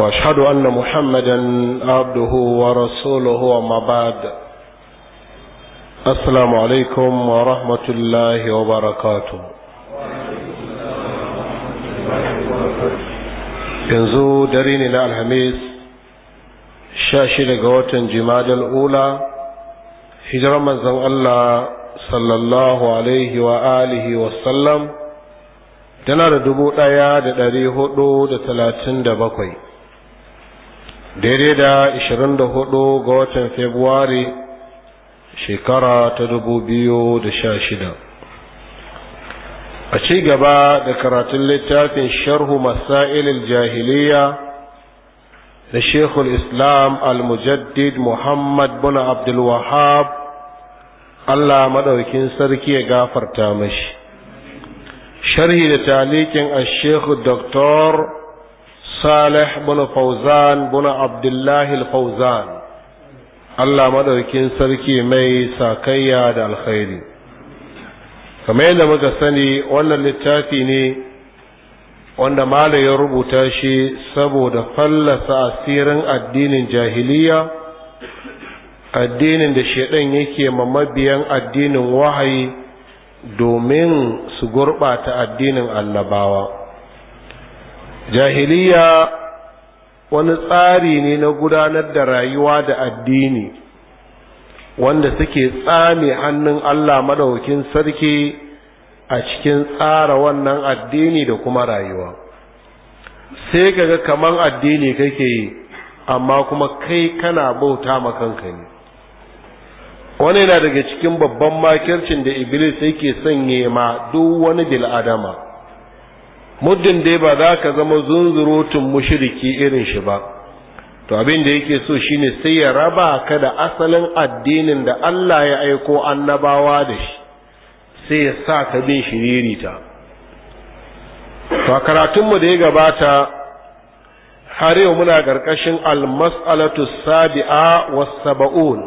واشهد ان محمدا عبده ورسوله وما بعد السلام عليكم ورحمه الله وبركاته yanzu dare ne na alhamis sha shida ga watan jimadal ula hijirar manzon allah sallallahu alaihi wa alihi wasallam tana da dubu ɗaya da ɗari hudu da talatin da bakwai daidai da 24 ga watan Fabrairu shekara ta 2016 a ci gaba da karatun littafin sharhu masailil jahiliya da shekul islam al-mujaddid muhammad bin abdulwahab allah maɗaukin sarki ya gafarta mashi sharhi da talikin a shekul doktor salih bin fauzan bin abdullahi fauzan allah madaukin sarki mai sakayya da alkhairi kamar yadda muka sani wannan littafi ne wanda Malam ya rubuta shi saboda fallasa asirin addinin jahiliya addinin da shaidan yake mamabiyan addinin wahayi domin su gurɓata addinin annabawa jahiliya wani tsari ne na gudanar da rayuwa da addini wanda suke tsame hannun Allah madaukin sarki a cikin tsara wannan addini da kuma rayuwa sai kaga kaman addini kake yi amma kuma kai kana bauta ma kanka ne wani yana daga cikin babban makircin da iblis yake sanye ma duk wani bil'adama muddin dai ba za ka zama zunzurutun mushiriki irin shi ba to abin da yake so shine sai ya raba ka da asalin addinin da Allah ya aiko annabawa da shi sai ya sa ka bin shiririta to karatunmu da ya gabata har yau muna ƙarƙashin almas'alatu sabi'a was saba'un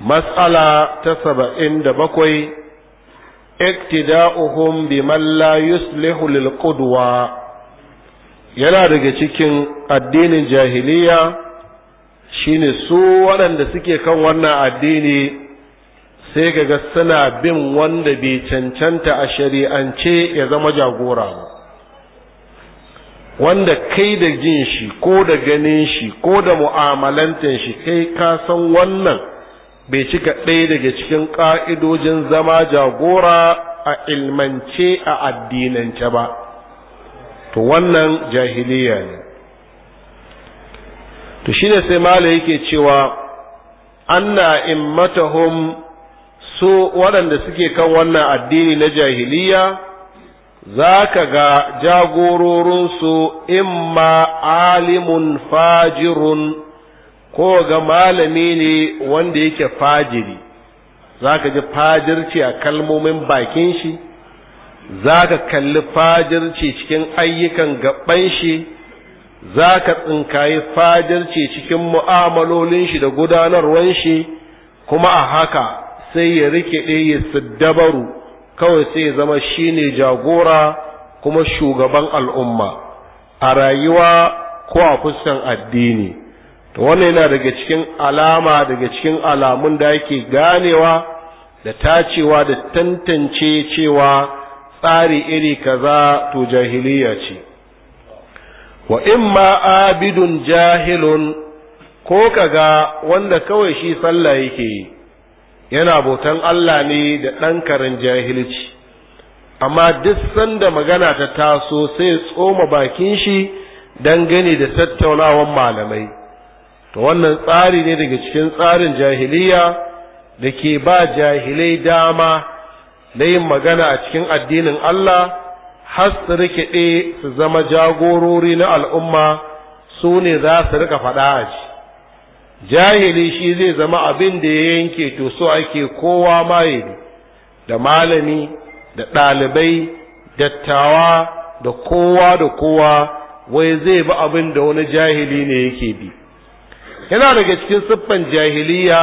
mas'ala ta saba'in da bakwai iktida'uhum biman la yuslihu lil yana daga cikin addinin jahiliya shine su waɗanda suke kan wannan addini sai kaga suna bin wanda bai cancanta a shari'ance ya zama jagora ba wanda kai da jin shi ko da ganin shi ko da mu'amalantar shi kai ka san wannan bai cika ɗaya daga cikin ƙa'idojin zama jagora a ilmance a addinance ba to wannan jahiliya ne to ne sai mala yake cewa anna immatahum su waɗanda suke kan wannan addini na jahiliya za ka ga jagororinsu imma alimun fajirun ko ga malami ne wanda yake fajiri za ka ji fajirci a kalmomin bakin shi za ka kalli fajirci cikin ayyukan gaban shi za ka tsinkayi fajirci cikin mu'amalolin shi da gudanarwan shi kuma a haka sai ya rike ɗe ya siddabaru kawai sai ya zama shine jagora kuma shugaban al'umma a rayuwa ko a fuskan addini to wannan yana daga cikin alama daga cikin alamun da yake ganewa da tacewa da tantance cewa tsari iri kaza to jahiliya ce wa imma abidun jahilun ko kaga wanda kawai shi sallah yake yi yana bautan Allah ne da ɗan karin jahilci amma duk sanda magana ta taso sai tsoma bakin shi dangane da tattaunawar malamai to wannan tsari ne daga cikin tsarin jahiliya da ke ba jahilai dama na yin magana a cikin addinin Allah har su rikide su zama jagorori na al'umma su ne za su rika faɗa a ji jahili shi zai zama abin da ya yanke to so ake kowa maye da malami da ɗalibai dattawa da kowa da kowa wai zai bi abin da wani jahili ne yake bi yana daga cikin siffan jahiliya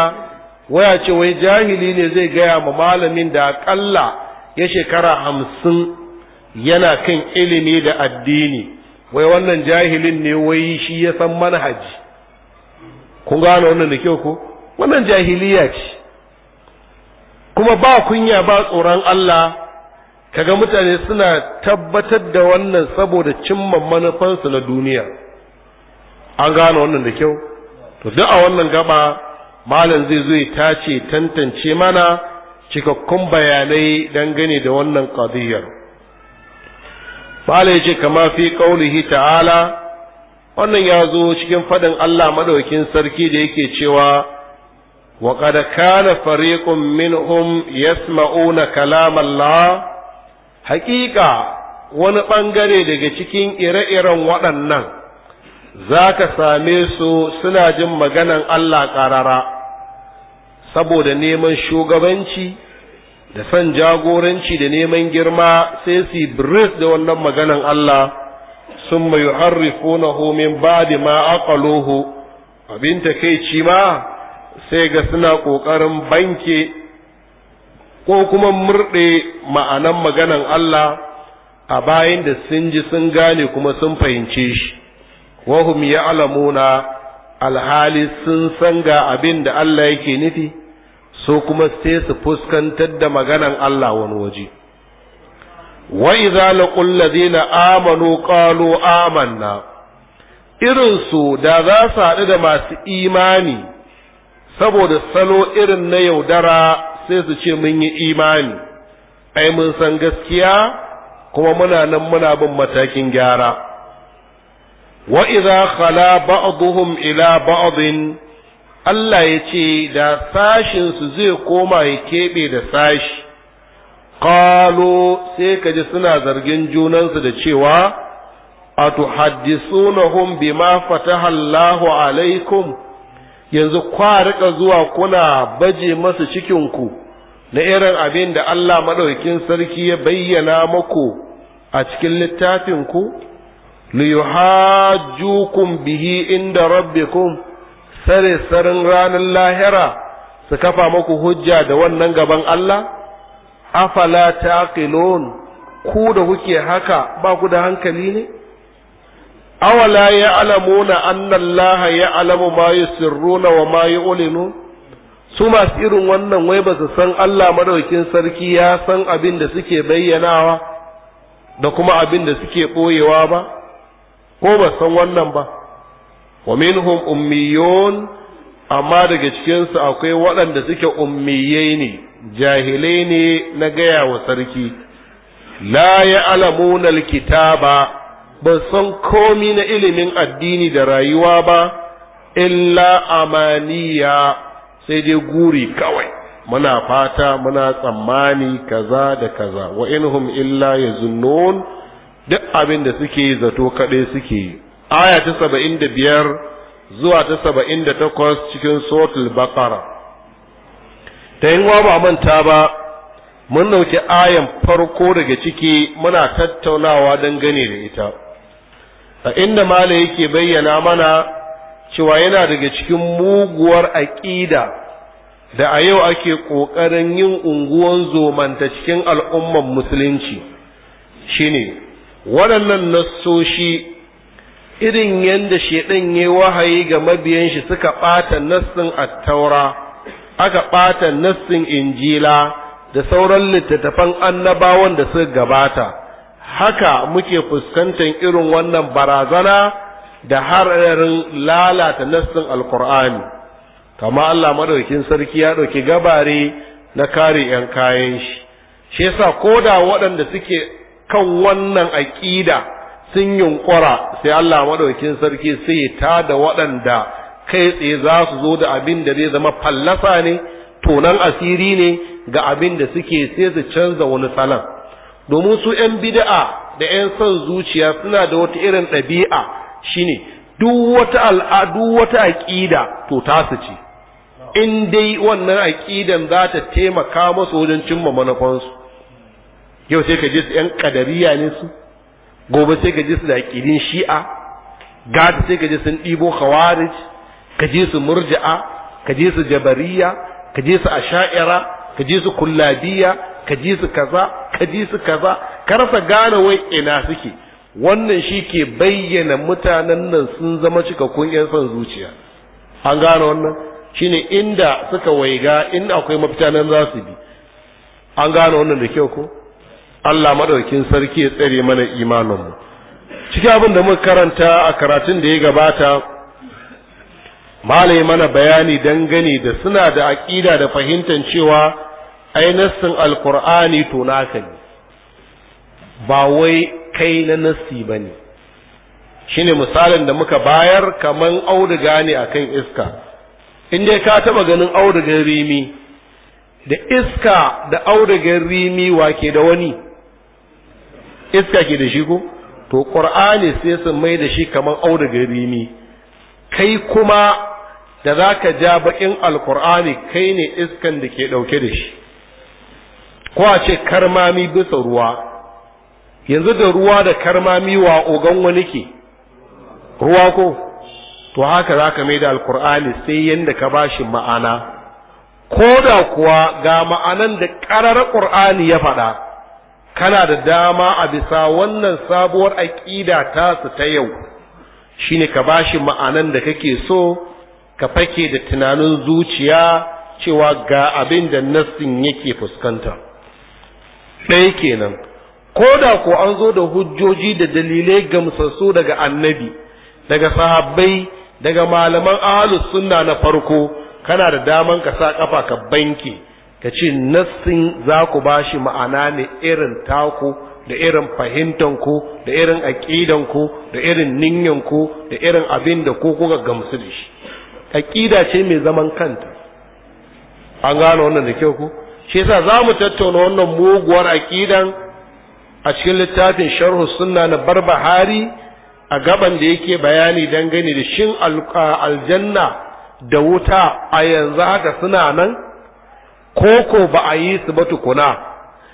waya ce wai jahili ne zai gaya ma malamin da aƙalla ya shekara hamsin yana kan ilimi da addini wai wannan jahilin ne wai shi ya san manhaji kun gano wannan da kyau ko wannan jahiliya ce kuma ba kunya ba tsoron Allah kaga mutane suna tabbatar da wannan saboda cimma manufansu na duniya an gano wannan da kyau to duk a wannan gaba malam zai zo tace tantance mana cikakkun bayanai dangane da wannan qadiyar malam ce kama fi qaulihi ta'ala wannan ya zo cikin fadin Allah madaukin sarki da yake cewa wa qad kana fariqun minhum yasma'una kalam Allah haqiqa wani bangare daga cikin ire-iren waɗannan za ka same su suna jin maganan Allah ƙarara saboda neman shugabanci da son jagoranci da neman girma sai su bris da wannan maganan Allah sun mai homin min ba'di ma aqaluhu abin ci ma sai ga suna ƙoƙarin banke ko kuma murɗe ma'anan maganan Allah a bayan da sun ji sun gane kuma sun fahimce shi wa hum ya'lamuna alhali sun san ga abin da Allah yake nufi so kuma sai su fuskantar da maganan Allah wani waje wa idza laqul ladina amanu qalu amanna irin su da za su haɗu da masu imani saboda salo irin na yaudara sai su ce mun yi imani ai mun san gaskiya kuma muna nan muna bin matakin gyara Wa'iza idza khala ila ba'din Allah ya ce da sashin su zai koma ya keɓe da sashi Ƙalo sai kaji suna zargin junansu da cewa atuhaddisunahum bima fataha Allahu alaikum yanzu kwa rika zuwa kuna baje masu cikinku na irin abin da Allah maɗaukin sarki ya bayyana muku a cikin littafinku ku liyuhajjukum bihi inda rabbikum sare sarin ranar lahira su kafa muku hujja da wannan gaban Allah afala taqilun ku da kuke haka ba ku da hankali ne awala ya'lamuna anna Allah ya'lamu ma yusirruna wa ma yu'linu su masu irin wannan wai ba su san Allah madaukin sarki ya san abin da suke bayyanawa da kuma abin da suke ɓoyewa ba ko ba san wannan ba wa minhum ummiyun amma daga cikinsu akwai waɗanda suke ummiyai ne jahilai ne na gaya wa sarki la ya alamuna alkitaba ba san komi na ilimin addini da rayuwa ba illa amaniya sai dai guri kawai muna fata muna tsammani kaza da kaza wa inhum illa yazunnun duk abin da suke zato kaɗai suke yi aya ta saba'in da biyar zuwa ta saba'in da takwas cikin sotul bakara ta yin ba manta ba mun ɗauki ayan farko daga ciki muna tattaunawa don gane da ita a inda mala yake bayyana mana cewa yana daga cikin muguwar aƙida da a yau ake ƙoƙarin yin unguwan zomanta cikin al'umman musulunci shine waɗannan nassoshi irin yadda shaiɗan ya wahayi ga mabiyan shi suka ɓata nassin attaura aka ɓata nassin injila da sauran littattafan annabawan da suka gabata haka muke fuskantar irin wannan barazana da hararin lalata nassin alkur'ani kama allah maɗaukin sarki ya ɗauki gabare na kare 'yan kayan shi shi yasa da waɗanda suke kan wannan aƙida sun yunƙura sai Allah maɗaukin sarki sai ta da waɗanda kai tsaye za su zo da abin da zai zama fallasa ne tonan asiri ne ga abin da suke sai su canza wani salon domin su 'yan bida'a da 'yan son zuciya suna da wata irin ɗabi'a shine duk wata al'adu wata aƙida to tasu ce in dai wannan aƙidan za ta taimaka masu wajen cimma manufansu yau sai ka su yan kadariya ne su gobe sai ka su da ƙirin shi'a gata sai ka sun ɗibo khawarij ka su murji'a ka su jabariya ka su asha'ira ka je su kullabiya ka su kaza ka je su kaza ka gane wai ina suke wannan shi ke bayyana mutanen nan sun zama cikakkun 'yan son zuciya an gane wannan shine inda suka waiga in akwai mafita nan za su bi an gane wannan da kyau ko Allah madaukin sarki ya tsare mana imaninmu cikin abin da muka karanta a karatun da ya gabata malai mana bayani dangane da suna da aƙida da fahimtar cewa ai nassin alkur'ani to naka ne ba wai kai na nassi ba ne shine misalin da muka bayar kaman auduga ne akan iska in dai ka taba ganin audugan rimi da iska da audugan rimi wake da wani iska ke da shi ko to qur'ani sai su mai da shi kaman auduga rimi kai kuma da zaka ja bakin alqur'ani kai ne iskan da ke dauke da shi ko a ce karmami bisa ruwa yanzu da ruwa da karmami wa ogan wani ke ruwa ko to haka zaka mai da alqur'ani sai yanda ka bashi ma'ana ko da kuwa ga ma'anan da ƙarar ƙur'ani ya faɗa kana da dama a bisa wannan sabuwar aƙida ta su ta yau shine ka bashi ma'anan da kake so ka fake da tunanin zuciya cewa ga abin da nassin yake fuskanta ɗaya kenan ko da ko an zo da hujjoji da dalilai gamsassu daga annabi daga sahabbai daga malaman ahalus sunna na farko kana da daman ka sa kafa ka banke ka ce nassin za ku ba shi ma'ana ne irin taku da irin fahimtanku da irin aƙidanku da irin ninyanku da irin abin da ko kuka gamsu da shi aƙida ce mai zaman kanta an gane wannan da kyau ku shi yasa za mu tattauna wannan muguwar aƙidan a cikin littafin sharhu sunna na barbahari a gaban da yake bayani dangane da shin aljanna da wuta a yanzu haka suna nan koko ba a yi su ba tukuna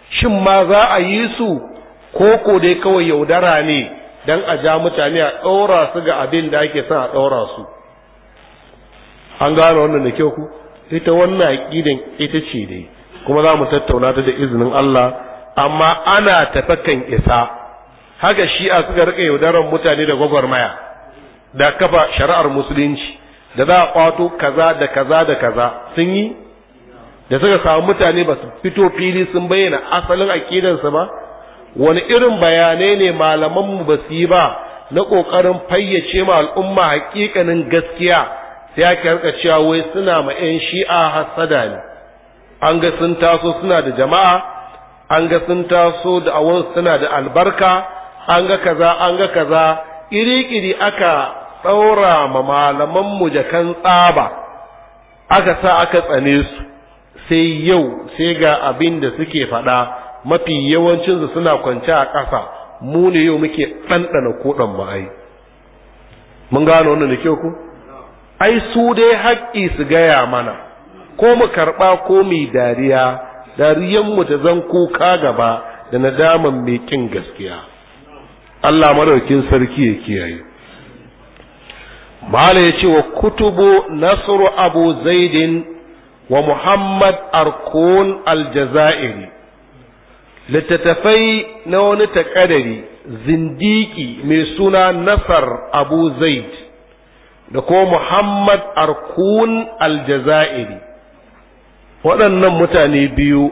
shin ma za a yi su koko dai kawai yaudara ne don a ja mutane a ɗora su ga abin da ake son a ɗora su an gane wannan da kyau ku ita wannan aƙidan ita ce dai kuma za mu tattauna ta da izinin Allah amma ana tafakan isa haka shi a suka rika yaudaran mutane da gwagwarmaya da kafa shari'ar musulunci da za a kwato kaza da kaza da kaza sun yi da suka samu mutane ba su fito fili sun bayyana asalin aƙidansu ba wani irin bayanai ne malamanmu ba su yi ba na ƙoƙarin fayyace ma al'umma haƙiƙanin gaskiya sai ake harka cewa wai suna ma 'yan shi'a hasada ne an ga sun taso suna da jama'a an ga sun taso da awon suna da albarka an ga kaza an ga kaza iri-iri aka tsaura ma malamanmu jakan tsaba aka sa aka tsane su sai yau sai ga abin da suke faɗa mafi yawancinsu suna kwance a ƙasa mu ne yau muke ɗanɗana koɗan ai mun gano wannan da kyau ku ai su dai haƙƙi su gaya mana ko mu karɓa ko mu dariya dariyan mu ta zan kuka gaba da nadaman mai ƙin gaskiya Allah madaukin sarki ya kiyaye Mala ya ce wa kutubu Nasiru Abu Zaidin wa muhammad arkun aljazairi littattafai na wani taƙadari zindiki mai suna nasar abu zaid da ko muhammad arkun aljazairi waɗannan mutane biyu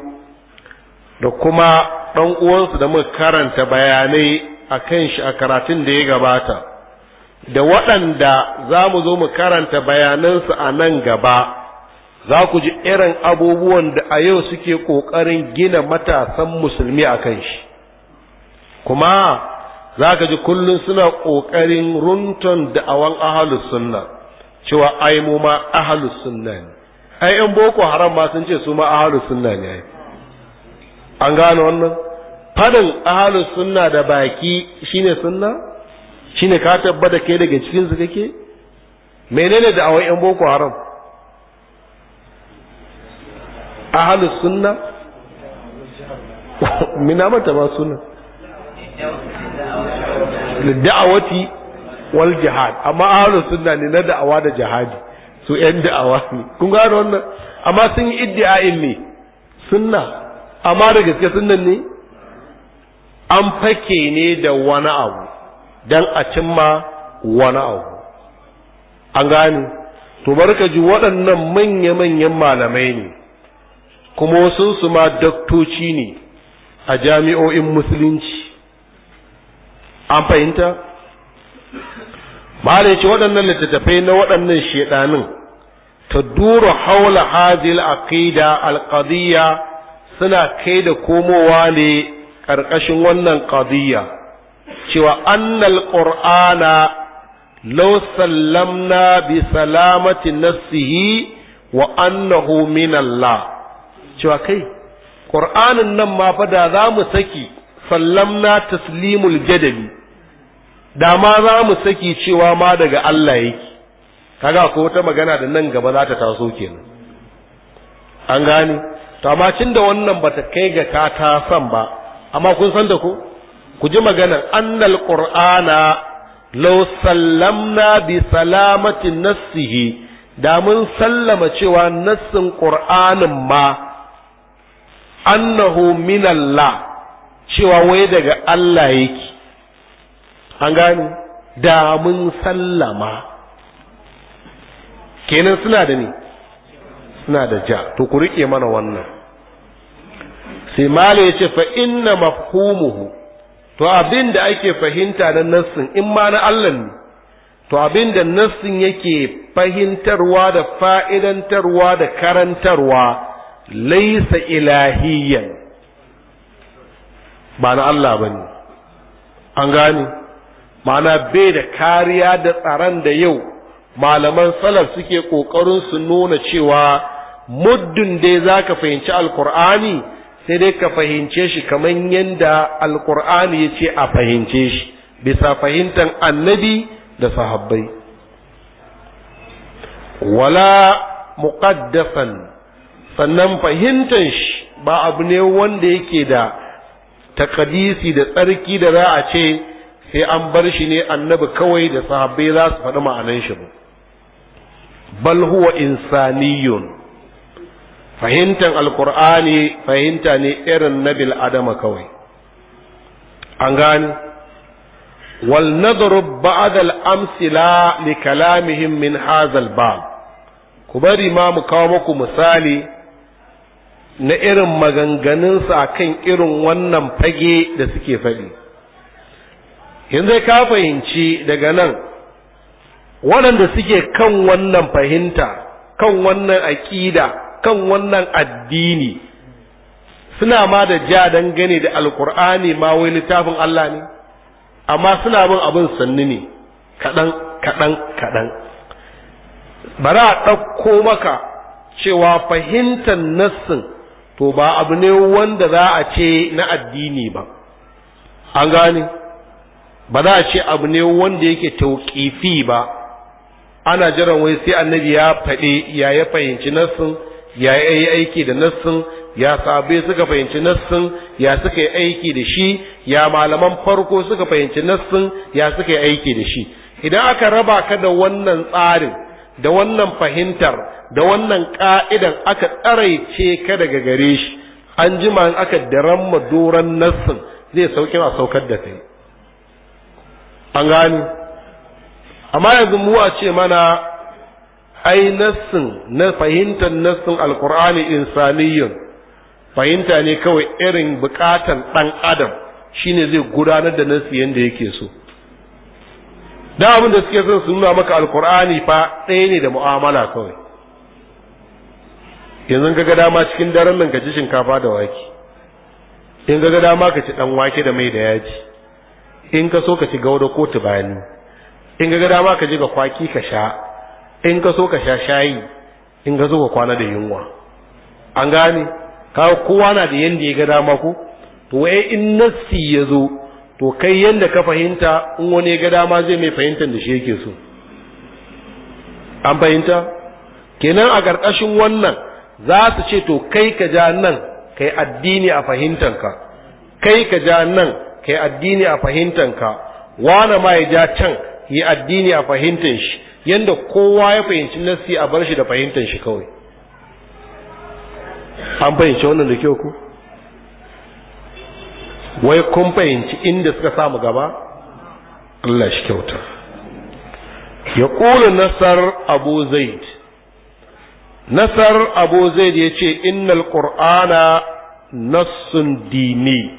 da kuma ɗan uwansu da muka karanta bayanai a kan shi a karatun da ya gabata da waɗanda za mu zo mu karanta bayanansu a nan gaba za ku ji irin abubuwan da a yau suke ƙoƙarin gina matasan musulmi a kan shi kuma za ka ji kullum suna ƙoƙarin runton da'awan ahalus sunna cewa ai mu ma ahalus sunna ne ai yan boko haram ma sun ce su ma ahalus sunna ne ai an gane wannan fadin ahalus sunna da baki shine sunna shine ka tabbata kai daga cikin su kake menene da'awan yan boko haram ahalu sunna mina mata ba suna da'awati wal jihad amma ahalu sunna ne na da'awa da jihadi su yan da'awa ne kun gano wannan amma sun yi iddia'in ne sunna amma da gaske sunnan ne an fake ne da wani abu Dan a cimma wani abu an gane to barka ji waɗannan manya-manyan malamai ne kuma su ma daktoci ne a jami'o'in musulunci an fahimta ba ce waɗannan littattafai na waɗannan shedanin ta dura haula hazil aqida alqadiyya suna kai da komowa ne ƙarƙashin wannan qadiyya cewa annal qur'ana law sallamna bi salamati nafsihi wa annahu min Allah cewa kai ƙur'anin nan ma fa da za mu saki sallamna taslimul jadabi da ma za mu saki cewa ma daga Allah yake kaga ko wata magana da nan gaba za ta taso kenan an gane to amma cin da wannan bata kai ga ka ta san ba amma kun san da ku, ku ji maganar annal qur'ana law sallamna bi salamati nassihi da mun sallama cewa nassin qur'anin ma annahu min cewa wai daga Allah yake an gane da mun sallama kenan suna da ne suna da ja to ku rike mana wannan sai mala ya ce fa inna mafhumuhu to abin da ake fahimta na nassin in ma na Allah ne to abin da nassin yake fahimtarwa da fa'idantarwa da karantarwa laisa ilahiyan ba na Allah ba ne an gane ma'ana bai da kariya da tsaron da yau malaman salaf suke ƙoƙarin su nuna cewa muddin dai za ka fahimci alkur'ani sai dai ka fahimce shi kamar yadda alkur'ani ya ce a fahimce shi bisa fahimtar annabi da sahabbai wala muqaddasan sannan fahimtar shi ba abu ne wanda yake da takadisi da tsarki da za a ce sai an bar shi ne annabi kawai da sahabbai za su faɗi ma'anan shi ba bal huwa insaniyun fahimtar alkur'ani fahimta ne irin na bil adama kawai an gane. wal nadru ba'd amsila li kalamihim min hazal bab ku bari ma mu kawo muku misali na irin maganganunsa a kan irin wannan fage da suke faɗi yanzu ka fahimci daga nan waɗanda suke kan wannan fahimta kan wannan aƙida kan wannan addini suna ma da ja dangane da alkur'ani ma wai littafin Allah ne amma suna bin abin sannu ne kaɗan kaɗan kaɗan bara a ɗauko maka cewa fahimtar nassin to ba abu ne wanda za a ce na addini ba an gane ba za a ce abu ne wanda yake tauƙifi ba ana jiran wai sai annabi ya faɗi ya ya fahimci nassin ya yi aiki da nassin ya sabe suka fahimci nassin ya suka yi aiki da shi ya malaman farko suka fahimci nassin ya suka yi aiki da shi idan aka raba ka da wannan tsarin da wannan fahimtar da wannan ka'idan aka tsaraice ka daga gare shi an ji in aka daran doron nassin zai sauke a saukar da kai an gani amma yanzu mu a ce mana ai nassin na fahimtar nassin alkur'ani insaniyyun fahimta ne kawai irin bukatan dan adam shine zai gudanar da nassi yanda yake so da abin da suke son su nuna maka alkur'ani fa ɗaya ne da mu'amala kawai yanzu ka ga dama cikin daren nan ka ci shinkafa da wake in ka ga dama ka ci ɗan wake da mai da yaji in ka so ka ci gauda ko tubani in ka ga dama ka ji ga kwaki ka sha in ka so ka sha shayi in ka so ka kwana da yunwa an gane kawo kowa na da yanda ya ga dama ko to wai in nassi ya zo to kai yanda ka fahimta in wani ga dama zai mai fahimtar da shi yake so an fahimta kenan a ƙarƙashin wannan za su ce to kai ka ja nan kai addini a fahimtanka kai ka ja nan kai addini a fahimtanka wane ma ya ja can yi addini a fahimtan shi yanda kowa ya fahimci nasi a bar shi da fahimtan shi kawai an fahimci wannan da kyau ku wai kun fahimci inda suka samu gaba Allah shi kyauta ya ƙula nasar abu zaid nasar abu zaid ya ce innal qur'ana nassun dini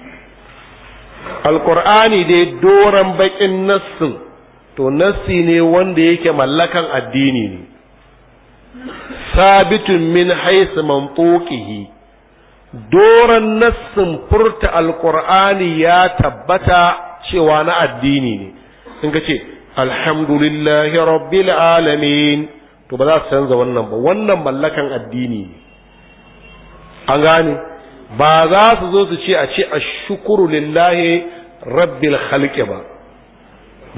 alƙur'ani dai doron baƙin nassun to nassi ne wanda yake mallakan addini ne sabitun min haisu mantoƙihi doron nassin furta alkur'ani ya tabbata cewa na addini ne in ka ce alhamdulillahi rabbil alamin to ba za su canza wannan ba wannan mallakan addini ne an gane ba za su zo su ce a ce shukuru lillahi rabbil khalqi ba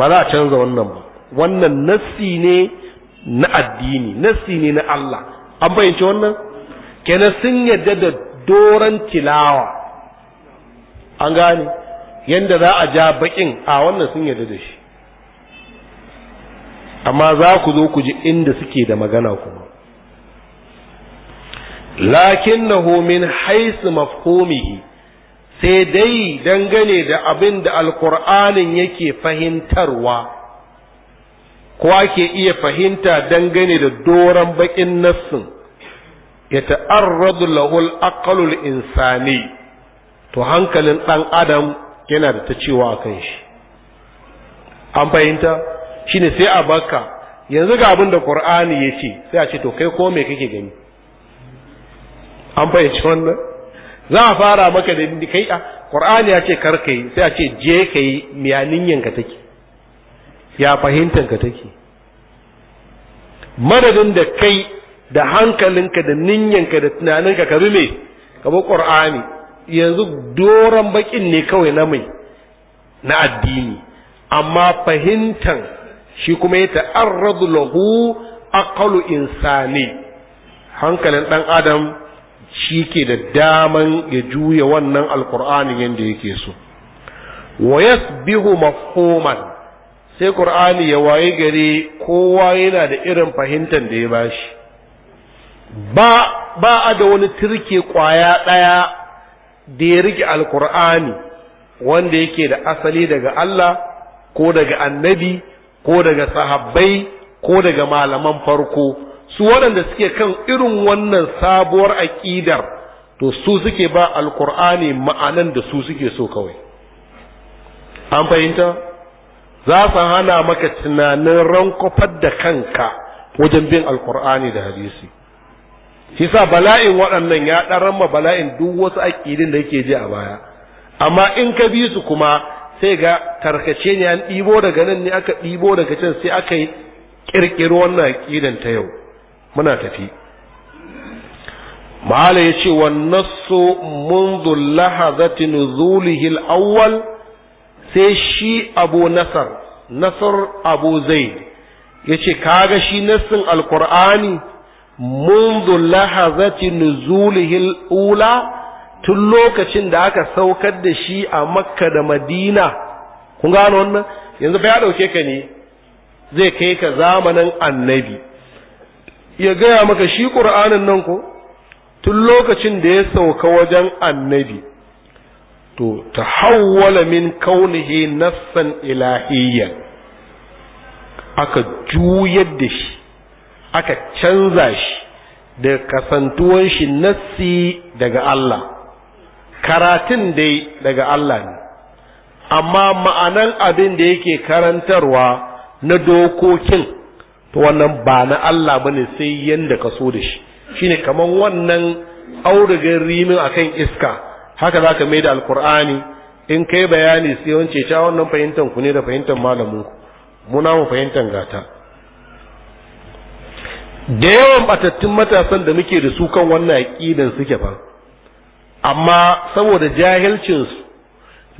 ba za a canza wannan ba wannan nassi ne na addini nassi ne na Allah an bayyance wannan kenan sun yadda da doron tilawa an gane yadda za a ja bakin a wannan sun yarda da shi amma za ku zo ku ji inda suke da magana kuma lakin na homin haisu mafhomihi sai dai dangane da abin da alkur'anin yake fahimtarwa ko ake iya fahimta dangane da doron bakin nassin ya ta'arradu lahul aqalul insani to hankalin dan adam yana da ta cewa kan shi an fahimta shine sai a baka yanzu ga abin da qur'ani yace sai a ce to kai ko me kake gani an fahimci wannan za a fara maka da kai a qur'ani ya ce kar kai sai a ce je kai miyanin ka take ya fahimtan ka take madadin da kai da hankalinka da ninyanka da tunaninka ka bi me ka bi qur'ani yanzu doran bakin ne kawai na mai na addini amma fahimtan shi kuma ya ta'arradu lahu aqalu insani hankalin dan adam shi ke da daman ya juya wannan alkur'anin yadda yake so wa yasbihu mafhuman sai ƙur'ani ya waye gare kowa yana da irin fahimtar da ya bashi ba ba a da wani turke ƙwaya ɗaya da ya rike alkur'ani wanda yake da asali daga Allah ko daga annabi ko daga sahabbai ko daga malaman farko su waɗanda suke kan irin wannan sabuwar aƙidar to su suke ba alkur'ani ma'anan da su suke so kawai an fahimta za su hana maka tunanin rankwafar da kanka wajen bin alkur'ani da hadisi shi sa bala'in waɗannan ya ɗarama bala'in duk wasu aƙilin da yake ji a baya amma in ka bi su kuma sai ga tarkace ne an ɗibo daga nan ne aka ɗibo daga can sai aka yi ƙirƙiro wannan aƙilin ta yau muna tafi Malam ya ce wannan su mundu lahazati nuzulihi al-awwal sai shi abu nasar nasar abu zaid ya ce kaga shi nassin alkur'ani منذ لحظة نزوله الأولى tun lokacin da aka saukar da shi a makka da madina kun gano wannan yanzu fa ya ɗauke ka ne zai kai ka zamanin annabi ya gaya maka shi ƙur'anin nan tun lokacin da ya sauka wajen annabi to ta hawwala min kaunihi nassan ilahiyyan aka juyar da shi aka canza shi da kasantuwan shi nassi daga Allah karatun dai daga Allah ne amma ma'anan abin da yake karantarwa na dokokin to wannan ba na Allah bane sai yanda ka so da shi shine kaman wannan audugar rimin akan iska haka zaka mai da alqur'ani in kai bayani sai wance ta wannan fahimtan ku ne da fahimtar malamin ku muna mu fahimtar gata da yawan batattun matasan da muke da su kan wannan aqidan suke ba amma saboda jahilcin su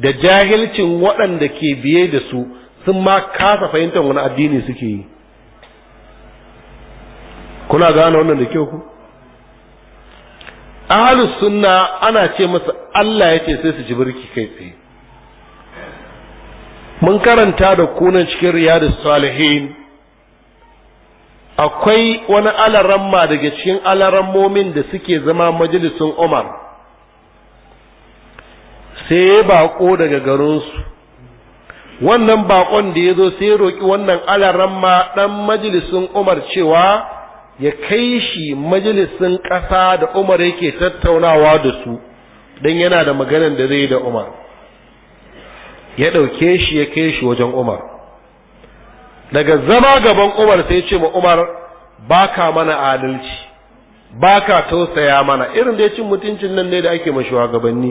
da jahilcin waɗanda ke biye da su sun ma kasa fahimtar wani addini suke yi kuna gane wannan da kyau ku ahlus sunna ana ce masa Allah ce sai su ji birki kai tsaye mun karanta da kunan cikin riyadus salihin akwai wani alaramma daga cikin alarammomin da suke zama majalisun umar sai ya bako daga garinsu wannan bakon da ya zo sai ya roƙi wannan alaramma ɗan majalisun umar cewa ya kai shi majalisun ƙasa da umar yake tattaunawa da su don yana da maganan da zai da umar ya ɗauke shi ya kai shi wajen umar daga zama gaban umar sai ce ma umar baka mana adalci baka tausaya mana irin da cin mutuncin nan ne da ake ma shugabanni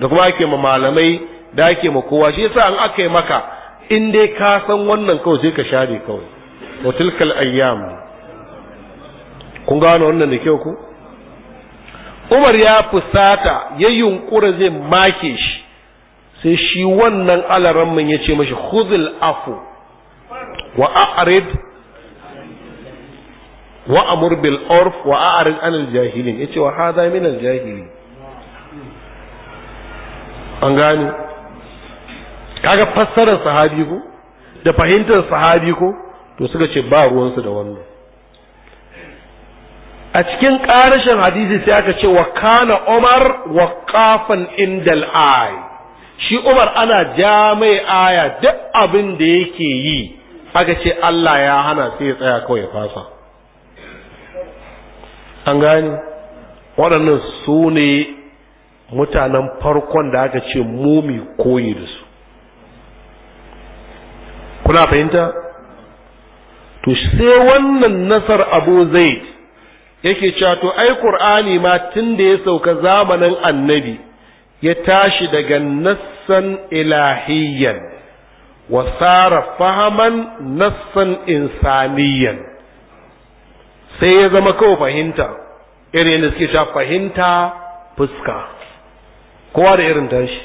da kuma ake ma malamai da ake ma kowa shi yasa an aka maka in dai ka san wannan kawai sai ka share kawai wa tilkal ayyam kun gano wannan da kyau ku Umar ya fusata ya yunkura zai make shi sai shi wannan alaran ya ce mashi huzil afu wa a'rid wa amur bil urf wa a'rid anil jahilin yace wa hadha min al an gane kaga fassarar sahabi ko da fahimtar sahabi ko to suka ce ba ruwansu da wannan a cikin ƙarashin hadisi sai aka ce wa kana umar wa kafan indal ay shi umar ana ja aya duk abin da yake yi aka ce Allah ya hana sai ya tsaya kawai fasa an gani waɗannan su ne mutanen farkon da aka ce mumi koyi da su kuna fahimta to sai wannan nasar abu zaid yake cewa to ai qur'ani ma tun da ya sauka zamanin annabi ya tashi daga nassan ilahiyyan Wasara sara fahaman nassan insaniyan sai ya zama kawai fahimta irin yadda suke sha fahimta fuska kowa da irin tashi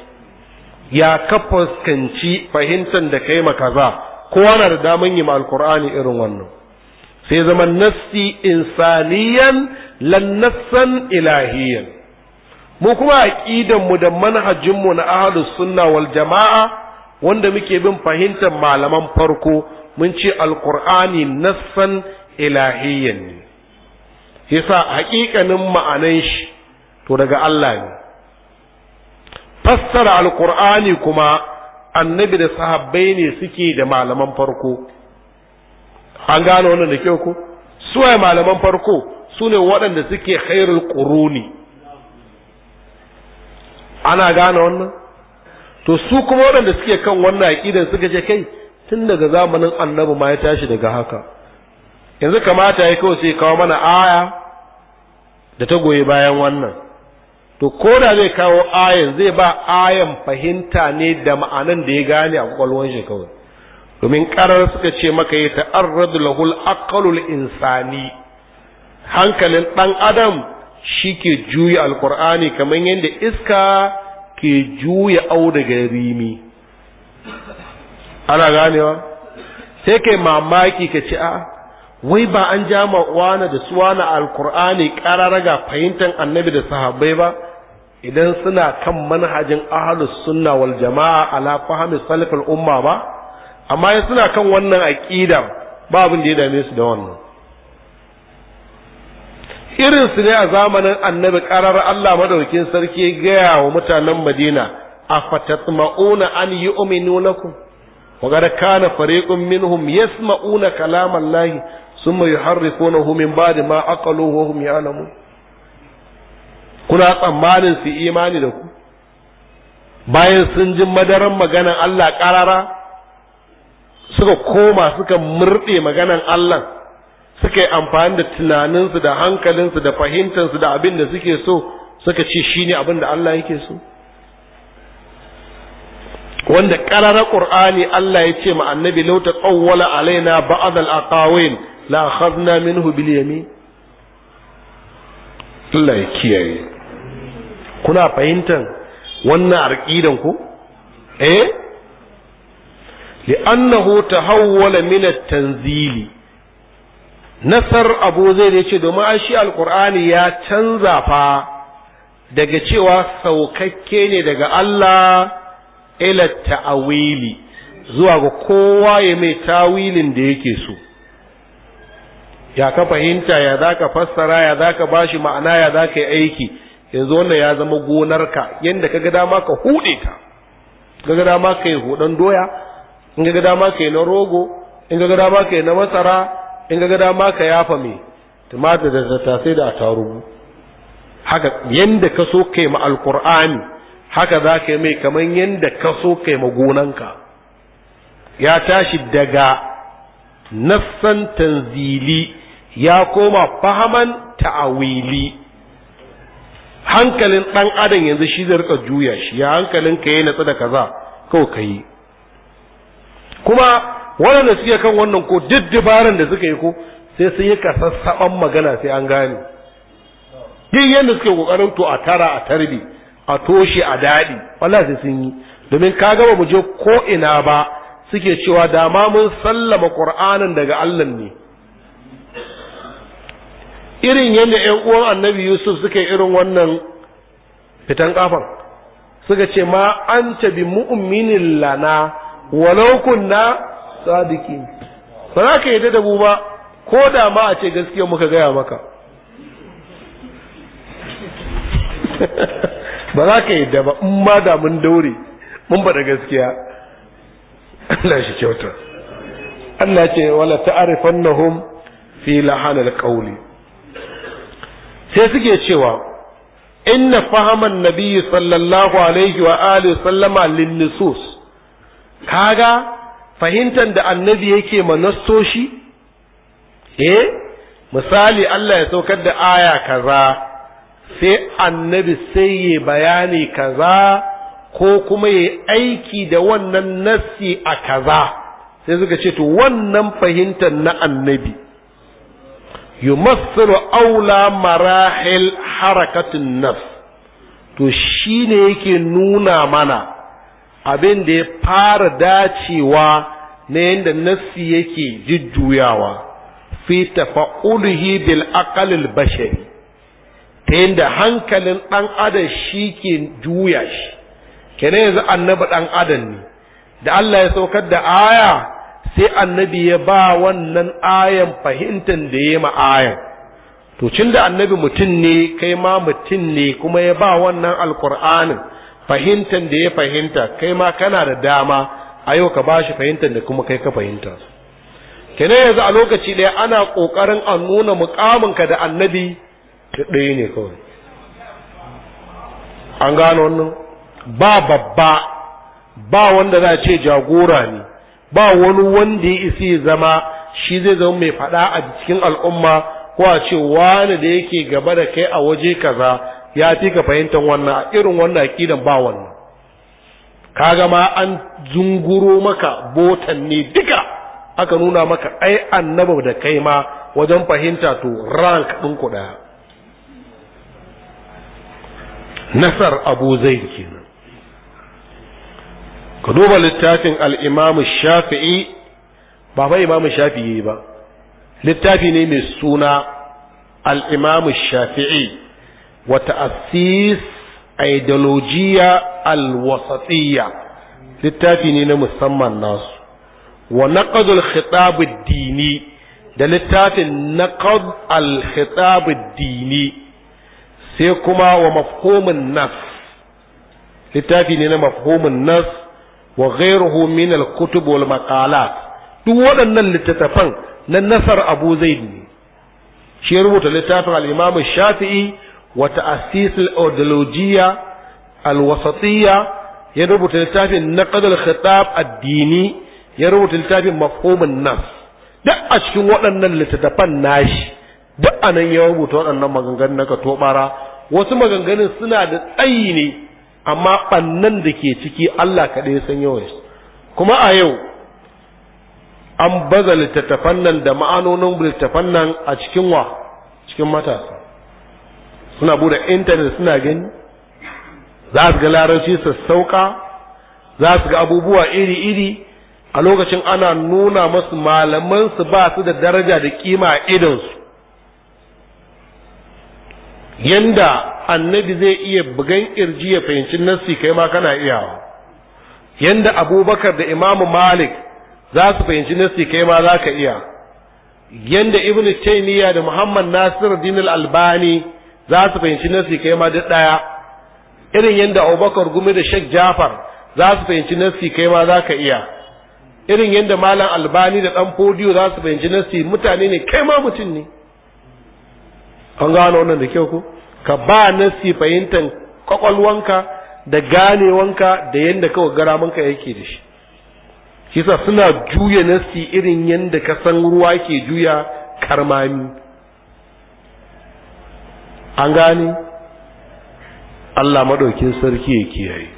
ya ka fuskanci fahimtar da kai kaza kowa na da daman yi ma alkur'ani irin wannan sai zama nassi insaniyan lan nassan ilahiyan mu kuma aqidan mu da manhajin mu na ahlus sunna wal jama'a wanda muke bin fahimtar malaman farko mun ce alqur'ani nassan ilahiyyan ne yasa haƙiƙanin ma'anan shi to daga Allah ne fassara alqur'ani kuma annabi da sahabbai ne suke da malaman farko an gane wannan da kyau ko suwaye malaman farko su ne waɗanda suke khairul ƙuruni ana gane wannan to su kuma waɗanda suke kan wannan aƙidan suka ce kai tun daga zamanin annabi ma ya tashi daga haka yanzu kamata ya kawai sai kawo mana aya da ta goyi bayan wannan to ko da zai kawo ayan zai ba ayan fahimta ne da ma'anan da ya gane a kwakwalwar shi kawai domin karar suka ce maka ya ta'arradu lahul aqalul insani hankalin ɗan adam shi ke juya alkur'ani kamar yadda iska ke juya au daga rimi ana ganewa sai kai mamaki ka ci a wai ba an ja wana da suwana alkur'ani kararraga fahimtar annabi da sahabbai ba idan suna kan manhajin ahlus sunna wal jama'a ala fahmi salafil umma ba amma suna kan wannan aqidar ba abin da ya dame su da wannan irin su ne a zamanin annabi karar Allah madaukin sarki gaya wa mutanen Madina a fatatma'una an yi uminu lakum wa gada kana fariƙun minhum yasma'una kalaman lahi na humin ba da ma aqaluhu wa hum namu kuna tsammanin su imani da ku bayan sun ji madaran maganan Allah karara suka koma suka murɗe maganan Allah suka yi amfani da tunaninsu da hankalinsu da fahimtansu da abin da suke so suka ce shi ne abin da Allah yake so wanda ƙararar ƙur'ani Allah ya ce ma annabi lau ta tsawwala alaina ba'ad al-aqawin la khadna minhu bil yamin Allah ya kiyaye kuna fahimtan wannan arqidan ku eh li'annahu tahawwala min at-tanzili nasar abu zai ne ce domin an shi alkur'ani ya canza fa daga cewa saukakke ne daga Allah ila ta'awili zuwa ga kowa ya mai tawilin da yake so ya ka fahimta ya za ka fassara ya za ka bashi ma'ana ya za ka yi aiki yanzu wannan ya zama gonarka yadda ka ga dama ka hude ta ka ga dama ka yi hudan doya in ga dama ka yi na rogo in ga dama ka yi na masara in ga dama ka yafa mai tumatir da tattasai da atarugu haka yanda ka so kai ma alqur'ani haka za ka yi mai kamar yanda ka so kai ma gonanka ya tashi daga nassan tanzili ya koma fahaman ta'awili hankalin ɗan adam yanzu shi zai rika juya shi ya hankalin ka yi natsu da kaza kawai ka yi kuma waɗanda suke kan wannan ko duk dabaran da suka yi ko sai sun yi kasassaban magana sai an gane yin yadda suke kokarin to a tara a tarbi a toshe a daɗi wallahi sai sun yi domin ka gaba mu je ko ina ba suke cewa dama ma mun sallama ƙur'anin daga Allah ne irin yadda ƴan uwan annabi yusuf suka irin wannan fitan kafan suka ce ma anta bi mu'minin lana walau kunna sadiki ba za ka yadda da mu ba ko da ma a ce gaskiya muka gaya maka ba za ka yadda ba in ma da mun daure mun da gaskiya Allah shi kyauta Allah ce wala nahum fi lahanil qawli sai suke cewa inna fahaman nabi sallallahu alaihi wa alihi sallama lin nusus kaga fahimtar da annabi yake manastoshi eh misali Allah ya saukar da aya kaza sai annabi sai ya bayani kaza ko kuma ya aiki da wannan nassi a kaza sai suka ce to wannan fahimtar na annabi yumassilu aula marahil harakatun nafs to shine yake nuna mana abin da ya fara dacewa na yadda nassi yake jujjuyawa fi tafa'ulihi bil aqalil bashari ta yadda hankalin ɗan adam shi ke juya shi kenan yanzu annabi ɗan adam ne da Allah ya saukar da aya sai annabi ya ba wannan ayan fahimtar da ya ma ayan to cin da annabi mutum ne kai ma mutum ne kuma ya ba wannan alkur'anin fahimtar da ya fahimta kai ma kana da dama a yau ka bashi fahimtar da kuma kai ka fahimta kene yanzu a lokaci ɗaya ana ƙoƙarin a nuna ka da annabi ɗaya ne kawai an gano wannan ba babba ba wanda za ce jagora ne ba wani wanda ya isi zama shi zai zama mai faɗa a cikin al'umma ko a ce wani da yake gaba da kai a waje kaza ya fi ka fahimtar wannan a irin wannan akidan ba wannan kaga ma an zunguro maka botan ne duka aka nuna maka ai annaba da kai ma wajen fahimta to rank ɗin ku ɗaya nasar abu zai kenan ka duba littafin al'imamu shafi'i ba fa imamu shafi'i ba littafi ne mai suna al'imamu shafi'i wa ta'assis ideologiya alwasatiyya littafi ne na musamman nasu wa naqdul khitab dini da littafin naqd al dini sai kuma wa mafhumun nas littafi ne na mafhumun nas wa ghayruhu min al-kutub wal duk waɗannan littattafan na nasar Abu Zaid ne shi rubuta littafin al'imamin Shafi'i wa ta'assis al-ideologiya al-wasatiyya ya rubuta littafin naqd al-khitab ad-dini ya rubuta littafin mafomin nas duk a cikin waɗannan littafan nashi duk anan ya rubuta waɗannan maganganun naka tobara wasu maganganun suna da tsayi ne amma bannan da ke ciki Allah kaɗai ya san yawan kuma a yau an baza littattafan nan da ma'anonin littattafan nan a cikin wa cikin matasa suna bude intanet suna gani za su ga larabci sauka za su ga abubuwa iri-iri a lokacin ana nuna masu malamansu ba su da daraja da kima a idonsu yanda annabi zai iya bugan irji ya fahimci nassi kai ma kana iyawa yanda abubakar da imamu malik za su fahimci nassi kai ma za ka iya yanda ibnu taymiya da muhammad nasir din al-albani za su fahimci nasi kai ma duk ɗaya irin yadda abubakar gumi da shek jafar za su fahimci nasi kai ma za ka iya irin yadda malam albani da dan fodiyo za su fahimci nasi mutane ne kai ma mutum ne an gano wannan da kyau ko ka ba nasi fahimtar kwakwalwanka da ganewanka da yadda kawai garamanka yake da shi kisa suna juya nasi irin yadda ka san ruwa ke juya karmami an gane Allah madaukin sarki ya kiyaye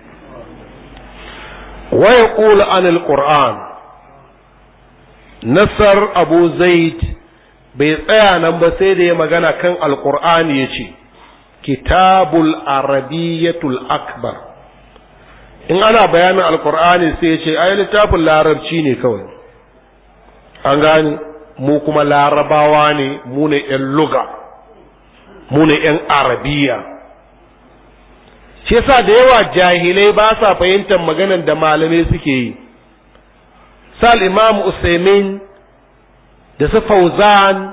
wa kula anil qur'an nasar abu zaid bai tsaya nan ba sai da ya magana kan ya ce. kitabul arabiyatul akbar in ana bayanin alqur'ani sai ya ce, ai littafin larabci ne kawai an gane mu kuma larabawa ne mu ne yan luga mu ne yan arabiya shi yasa da yawa jahilai ba sa fahimtar maganar da malamai suke yi sal imam usaimin da su fauzan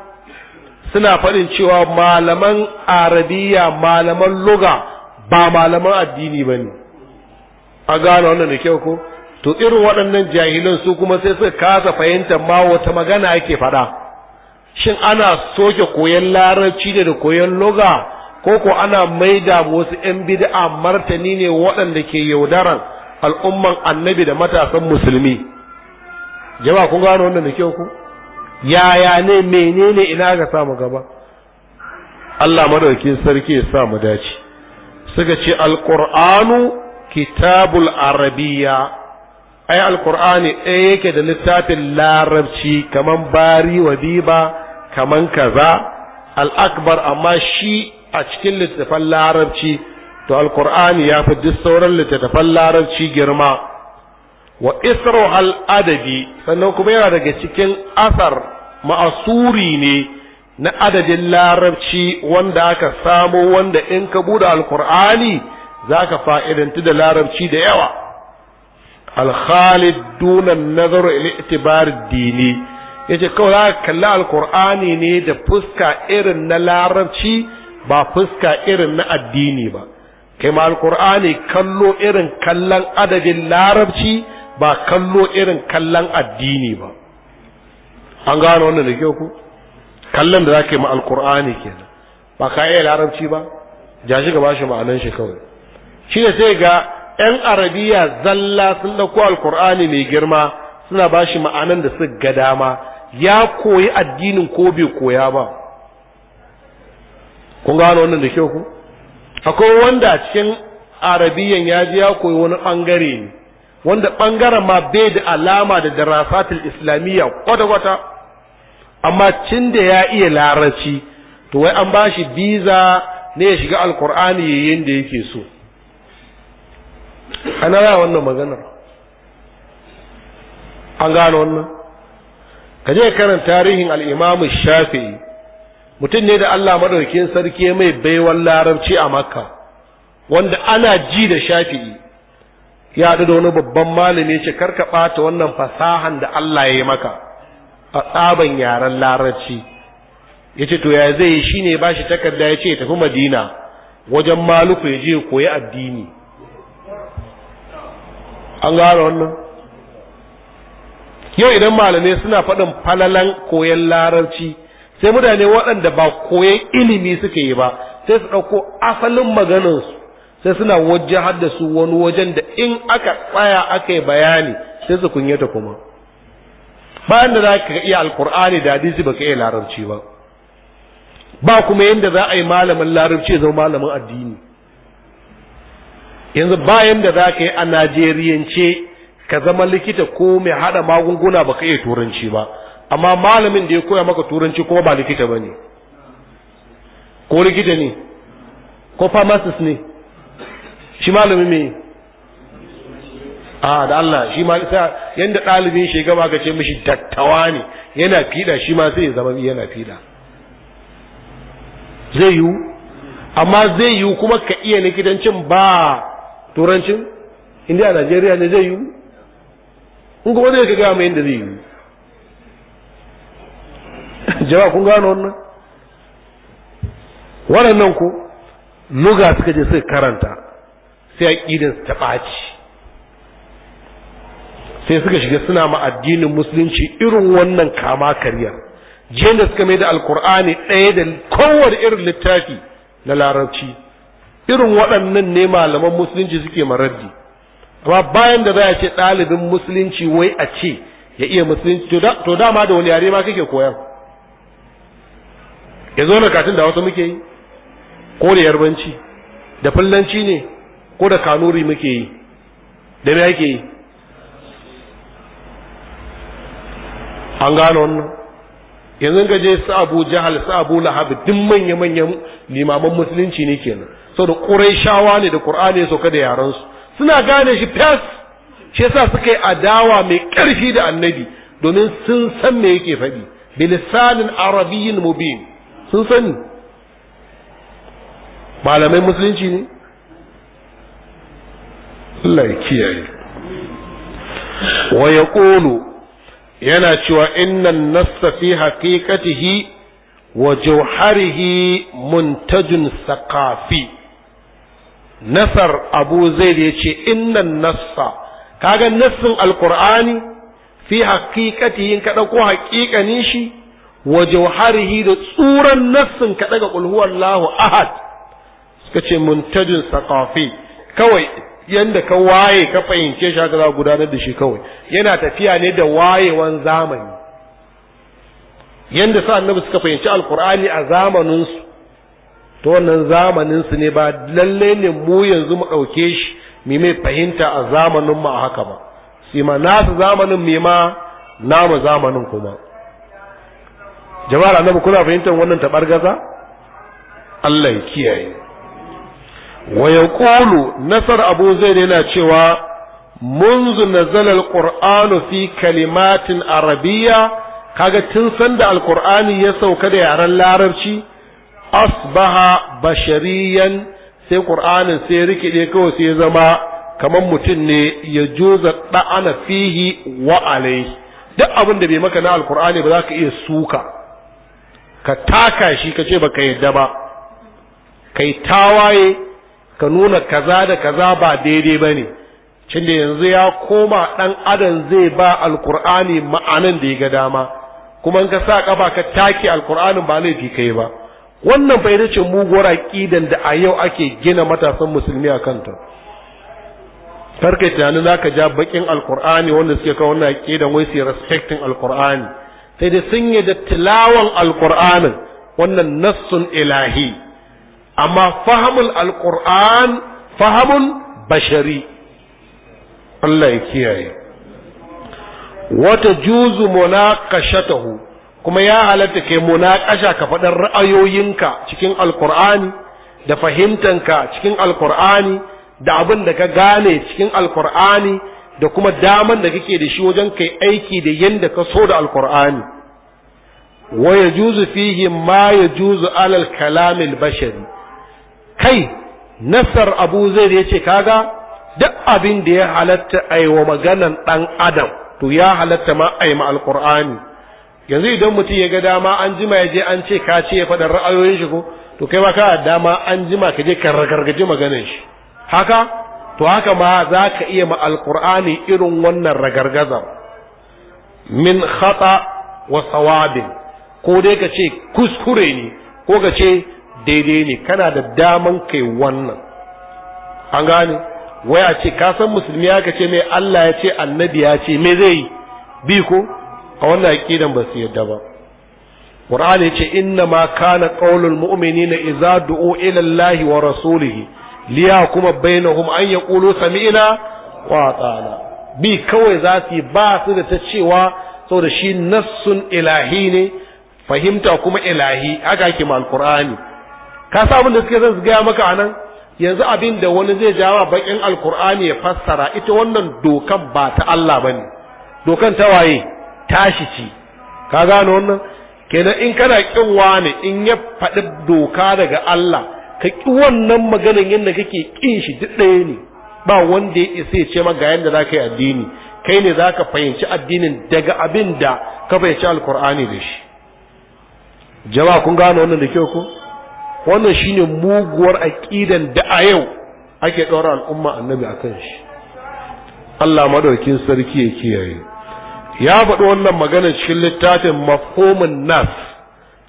suna faɗin cewa malaman arabiya malaman luga ba malaman addini ba ne a gane wannan da kyau ko to irin waɗannan jahilan su kuma sai suka kasa fahimtar ma wata magana ake faɗa shin ana soke koyon larabci ne da koyon loga ko ko ana maida wasu 'yan bid'a martani ne waɗanda ke yaudaran al'umman annabi da matasan musulmi jama kun gano wannan da kyau ku yaya ne menene ina ga samu gaba Allah madaukin sarki ya sa mu dace suka ce alqur'anu kitabul arabiyya ai alkur'ani ɗaya yake da littafin larabci kaman bari wa biba kaman kaza al'akbar amma shi a cikin littattafan larabci to alkur'ani ya fi duk sauran littattafan larabci girma wa isro al'adadi sannan kuma yana daga cikin asar ma'asuri ne na adadin larabci wanda aka samo wanda in ka buɗe alkur'ani za ka fa'idanti da larabci da yawa alkhalid dunan nazar ilitibar dini yace kawai za ka kalli alkur'ani ne da fuska irin na larabci ba fuska irin na addini ba kai ma alkur'ani kallo irin kallon adabin larabci ba kallo irin kallon addini ba an gano wannan da ke ku kallon da za ka yi ma alkur'ani kenan ba ka iya larabci ba ja shi gaba shi ma'anan shi kawai shi ne sai ga 'yan arabiya zalla sun ɗauko alkur'ani mai girma suna ba shi ma'anan da su ga dama ya koyi addinin ko bai koya ba kun gano wannan da kyau ku akwai wanda a cikin arabiyan ya ji ya koyi wani bangare ne wanda bangaren ma bai da alama da darasatul islamiyya kwata-kwata amma cin da ya iya larabci to wai an bashi shi biza ne ya shiga alkur'ani yayin da yake so ana ya wannan maganar an gano wannan ka je karan tarihin al'imamu shafi'i mutum ne da Allah maɗaukin sarki ya mai baiwan larabci a makka wanda ana ji da shafi'i ya da wani babban malami ce karka ɓata wannan fasahan da Allah ya yi maka a tsaban yaren larabci ya ce to ya zai yi shi ne ba shi takarda ya ce tafi madina wajen maluku ya je koyi addini an gara wannan yau idan malamai suna faɗin falalan koyon larabci sai mutane waɗanda ba koyon ilimi suka yi ba sai su ɗauko asalin maganarsu sai suna wajen da su wani wajen da in aka tsaya aka yi bayani sai su kunyata kuma bayan da za ka iya alkur'ani da hadisi ba ka iya larabci ba ba kuma yadda za a yi malamin larabci ya zama malamin addini yanzu bayan da za ka yi a najeriyance ka zama likita ko mai hada magunguna ba ka iya turanci ba amma malamin da ya koya maka turanci kuma ba likita ne? ko likita ne ko pharmacist ne shi malamin me a ah, da Allah shi ma sai yanda dalibin shi gaba ka ce mishi dattawa ne yana fida shi ma sai ya zama yana fida zai yiwu amma zai yiwu kuma ka iya likitancin ba turancin indiya Najeriya ne zai yiwu in kuma zai ka gaya mai yadda zai yi jama'a kun gano wannan waɗannan ko nuga suka je suka karanta sai aƙidin su ta ɓaci sai suka shiga suna ma addinin musulunci irin wannan kama karyar jiyan da suka mai da alkur'ani ɗaya da kowane irin littafi na larabci irin waɗannan ne malaman musulunci suke maraddi amma bayan da za a ce ɗalibin musulunci wai a ce ya iya musulunci to dama da wani yare ma kake koyar ya zo na katin da wasu muke yi ko da yarbanci da fullanci ne ko da kanuri muke yi da me ake yi an gano wannan yanzu ga je su abu jahal su abu lahab duk manya-manyan limaman musulunci ne kenan da ƙurai shawa ne da ƙur'ani ya sauka da yaransu suna gane shi fes shi yasa suka yi adawa mai ƙarfi da annabi domin sun san me yake faɗi bilisanin arabiyyin mubin sun sani malamai musulunci ne Allah ya kiyaye wa yaqulu yana cewa innan nassa fi haqiqatihi wa jawharihi muntajun saqafi nasar abu zai da ya ce innan nassa kaga nassin alkur'ani fi hakikati in ka ko haqiqanin shi wa jawharihi da tsuran nasin ka ga ƙulhuwar lahu ahad suka ce muntajin saƙafi kawai yanda ka waye ka fahimce shi haka za gudanar da shi kawai yana tafiya ne da wayewan zamani yanda sa annabi suka fahimci alkur'ani a zamaninsu to wannan zamanin su ne ba lalle ne mu yanzu mu ɗauke shi mu mai fahimta a zamanin mu a haka ba sai ma nasu zamanin mu ma namu zamanin kuma jama'ar annabi kuna fahimtar wannan gaza? Allah ya kiyaye wa yaqulu nasar abu zaid yana cewa منذ نزل القرآن في كلمات عربية kaga tun sanda alkur'ani ya sauka da yaren larabci asbaha bashariyan sai qur'anin sai rikide kawai sai zama kamar mutum ne ya juza da'ana fihi wa alai duk abin da bai maka na alqur'ani ba za ka iya suka ka taka shi ka ce baka yadda ba kai tawaye ka nuna kaza da kaza ba daidai bane cin da yanzu ya koma dan adam zai ba alqur'ani ma'anan da ya ga dama kuma in ka sa kafa ka take alqur'anin ba laifi kai ba wannan fa ita ce muguwar aƙidan da a yau ake gina matasan musulmi a kanta karkai tunanin zaka ja bakin alqur'ani wanda suke kawo wannan aqidan wai su respecting alqur'ani sai da sun yi da tilawan alkur'ani wannan nassun ilahi amma fahamul alqur'an bashari Allah ya kiyaye wata juzu munaqashatahu kuma ya halatta kai munakasha ka faɗin ra'ayoyinka cikin alkur'ani da fahimtanka cikin alkur'ani da abin da ka gane cikin alkur'ani da kuma daman da kake da shi wajen kai aiki da yadda ka so da alkur'ani wa yajuzu fihi ma yajuzu alal kalamil bashari kai nasar abu zai ya ce kaga duk abin da ya halatta aiwa maganan ɗan adam to ya halatta ma aima alkur'ani yanzu idan mutum ya ga dama an jima ya je an ce ka ce ya faɗin ra'ayoyin shi ko to kai ma ka dama an jima ka je ka ragargaji maganar shi haka to haka ma za ka iya ma alƙur'ani irin wannan ragargazar min khata wa sawabin ko dai ka ce kuskure ne ko ka ce daidai ne kana da daman kai wannan an gane waya ce ka san musulmi ya ka ce mai Allah ya ce annabi ya ce me zai bi ko a wannan aƙidan ba su yadda ba Qur'an ya ce inna ma kana qaulul mu'minina idza du'u ila Allah wa rasulihi liyahkuma bainahum an yaqulu sami'na wa ata'na bi kawai za su ba su da ta cewa saboda shi nassun ilahi ne fahimta kuma ilahi haka ake ma alqur'ani ka sa abin da suke son su gaya maka anan yanzu abin da wani zai jawa bakin alqur'ani ya fassara ita wannan dokan ba ta Allah bane dokan ta waye tashi ci ka gano wannan kenan in kana kin ne in ya faɗi doka daga Allah ka ki wannan maganin yadda kake kin shi duk ɗaya ne ba wanda ya isa ya ce ma ga yadda zaka yi addini kai ne zaka fahimci addinin daga abin da ka fahimci alkur'ani da shi jama'a kun gano wannan da kyau ko wannan shine muguwar aqidan da a yau ake ɗora al'umma annabi akan shi Allah madaukin sarki ya kiyaye ya faɗi wannan magana cikin littafin mafhumin nas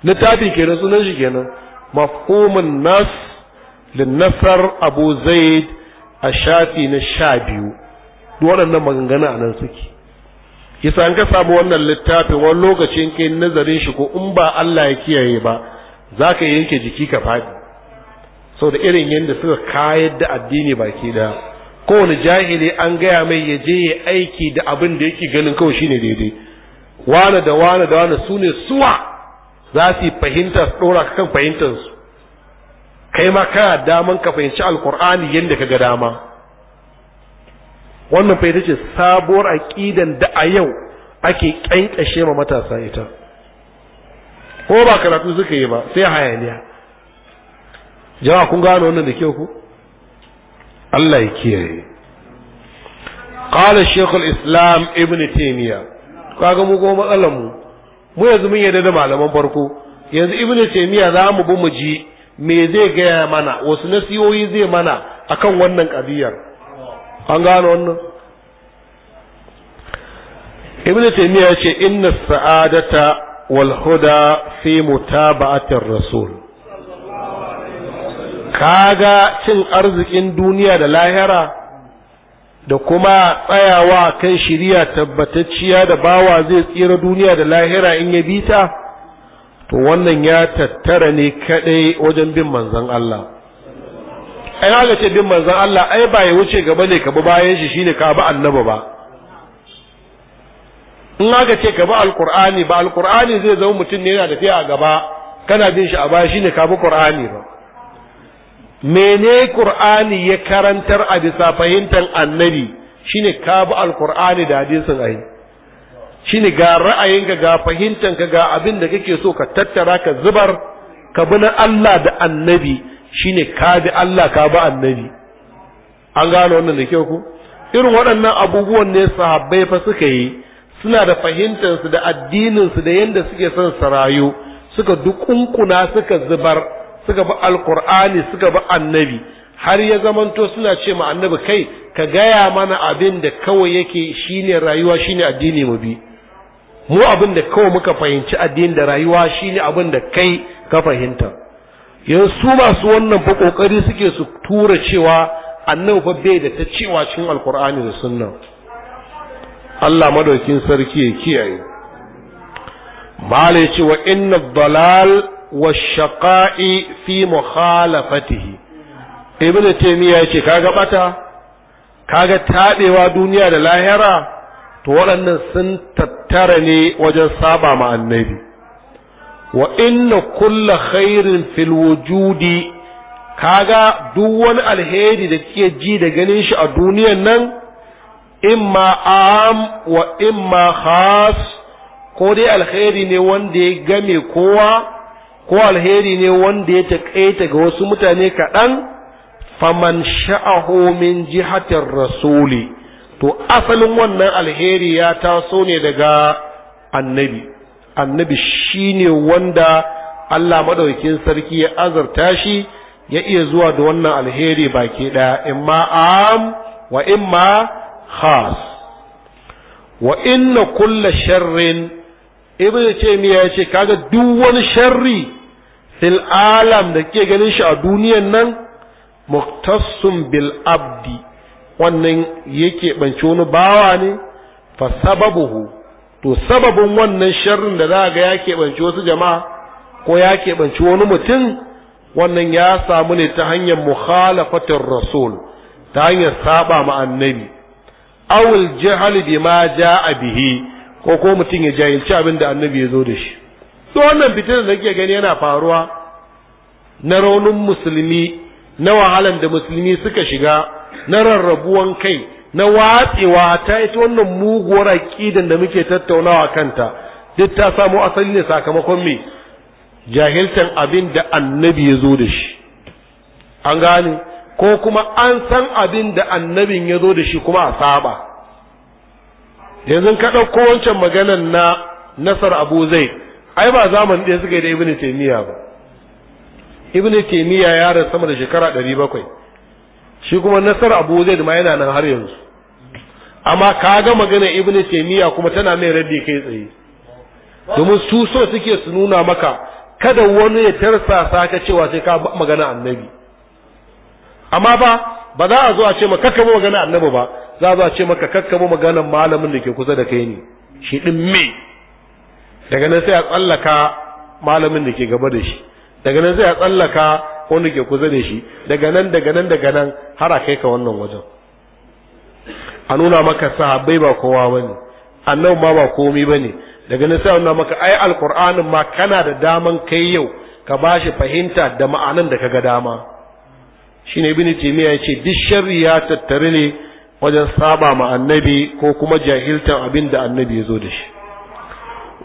littafin kenan sunan shi kenan mafhumin nas linnasar abu zaid a shafi na sha biyu duk waɗannan maganganu a nan suke yasa an ka samu wannan littafin wani lokacin kai nazarin shi ko in ba Allah ya kiyaye ba za ka yanke jiki ka faɗi sau da irin yadda suka kayar da addini baki ɗaya kowane jahili an gaya mai ya je ya aiki da abin da yake ganin kawai shine daidai wane da wane da wane su ne suwa za su yi fahimta su ɗora ka kan fahimtarsu kai ma kana daman ka fahimci alkur'ani yadda ka ga dama wannan fahimta ce sabuwar aƙidan da a yau ake ƙanƙashe ma matasa ita ko ba karatu suka yi ba sai hayaniya jama'a kun gano wannan da kyau ku Allah ya kiyaye qala shaykhul islam ibn taymiya kaga mu matsalar mu mu yanzu mun yarda da malaman farko yanzu ibn taymiya za mu bi mu ji me zai gaya mana wasu nasiyoyi zai mana akan wannan ƙabiyar? an gano wannan ibn taymiya ce inna sa'adata wal huda fi mutaba'atir rasul kaga cin arzikin duniya da lahira da kuma tsayawa kan shirya tabbatacciya da bawa zai tsira duniya da lahira in ya bita, ta to wannan ya tattara ne kadai wajen bin manzon Allah ai haka ce bin manzon Allah ai ba ya wuce gaba ne ka bi bayan shi shine ka bi annaba ba in haka ce ka bi alqur'ani ba alqur'ani zai zama mutum ne yana tafiya a gaba kana bin shi a baya shine ka bi qur'ani ba mene qur'ani ya karantar a bisa fahimtar annabi shine ka bi alqur'ani da hadisin ai shine ga ra'ayinka ga fahimtanka ga abin da kake so ka tattara ka zubar ka bi na Allah da annabi shine ka bi Allah ka bi annabi an gano wannan da kyau ku irin waɗannan abubuwan ne sahabbai fa suka yi suna da fahimtansu da addininsu da yadda suke son su rayu suka dukunkuna suka zubar suka bi alkur'ani suka bi annabi har ya zamanto suna ce ma annabi kai ka gaya mana abin da kawai yake shine rayuwa shine addini mu bi mu abin da kawai muka fahimci addini da rayuwa shine abin da kai ka fahimta yanzu su masu wannan fa kokari suke su tura cewa annabi fa bai da ta cewa cikin alkur'ani da sunna Allah madaukin sarki ya kiyaye Mala ya ce wa inna dalal washaqa'i fi mukhalafatihi ibnu taymiya yace kaga bata kaga taɗewa duniya da lahira to waɗannan sun tattara ne wajen saba ma annabi wa inna kulla khairin fil wujudi kaga duk wani alheri da kike ji da ganin shi a duniyan nan imma am wa imma khas ko dai alheri ne wanda ya game kowa ko alheri ne wanda ya taƙaita ga wasu mutane kaɗan faman sha'ahu min jihatin rasuli to asalin wannan alheri ya taso ne daga annabi annabi shine wanda Allah madaukakin sarki ya azarta shi ya iya zuwa da wannan alheri baki ɗaya imma am wa imma khas wa inna kulla sharrin ibnu taymiya ya ce kaga duk wani sharri fil alam da ke ganin shi a duniyan nan muktassum bil abdi wannan yake bance wani bawa ne fa sababuhu to sababin wannan sharrin da za ga ya bance wasu jama'a ko ya bance wani mutum wannan ya samu ne ta hanyar mukhalafatar rasul ta hanyar saba ma annabi awul jahali bima ja'a bihi ko ko mutum ya jahilci abin da annabi ya zo da shi to wannan fitina da ke gani yana faruwa na raunin musulmi na wahalan da musulmi suka shiga na rarrabuwan kai na watsewa ta ita wannan muguwar aƙidan da muke tattaunawa kanta duk ta samu asali ne sakamakon me jahiltan abin da annabi ya zo da shi an gane ko kuma an san abin da annabin ya zo da shi kuma a saba yanzu ka ɗauko wancan maganan na nasar abu zai ai ba zamani ɗaya suka yi da ibn taimiyya ba ibn taimiyya ya rasu sama da shekara ɗari bakwai shi kuma nasar abu zai ma yana nan har yanzu amma ka ga maganar ibn taimiyya kuma tana mai raddi kai tsaye domin su so suke su nuna maka kada wani ya sa ka cewa sai ka magana annabi amma ba ba za a zo a ce maka kakkabo maganar annabi ba za a zo a ce maka kakkabo maganar malamin da ke kusa da kai ne shi din me daga nan sai a tsallaka malamin da ke gaba da shi daga nan sai a tsallaka wanda ke kusa da shi daga nan daga nan daga nan har a kai ka wannan wajen a nuna maka sahabbai ba kowa ba ne, annabi ma ba komai ne. daga nan sai a nuna maka ai alqur'anin ma kana da daman kai yau ka bashi fahimta da ma'anan da kaga dama shine ibnu ya yace duk sharri ya tattare ne wajen saba ma annabi ko kuma jahiltan abin da annabi ya zo da shi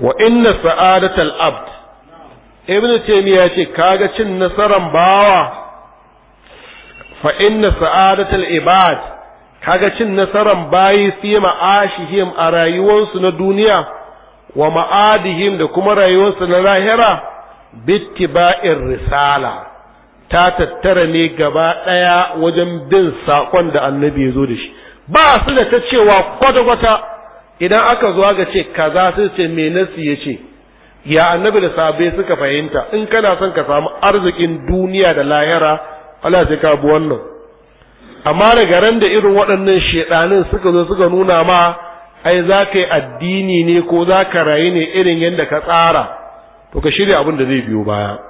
wa inna sa'adatal abd ibnu taymiya yace kaga cin nasaran bawa fa inna sa'adatal ibad kaga cin nasaran bayi fi ma'ashihim a rayuwarsu na duniya wa ma'adihim da kuma rayuwarsu na lahira bittiba'ir risala ta tattara ne gaba ɗaya wajen bin saƙon da annabi ya zo da shi ba su da ta cewa kwata-kwata idan aka zo ga ce kaza su ce mai nasi ya ce ya annabi da sabai suka fahimta in kana son ka samu arzikin duniya da lahira Allah sai ka bi wannan amma daga ran da irin waɗannan shaɗanin suka zo suka nuna ma ai za ka yi addini ne ko za ka rayu ne irin yadda ka tsara to ka shirya abin da zai biyo baya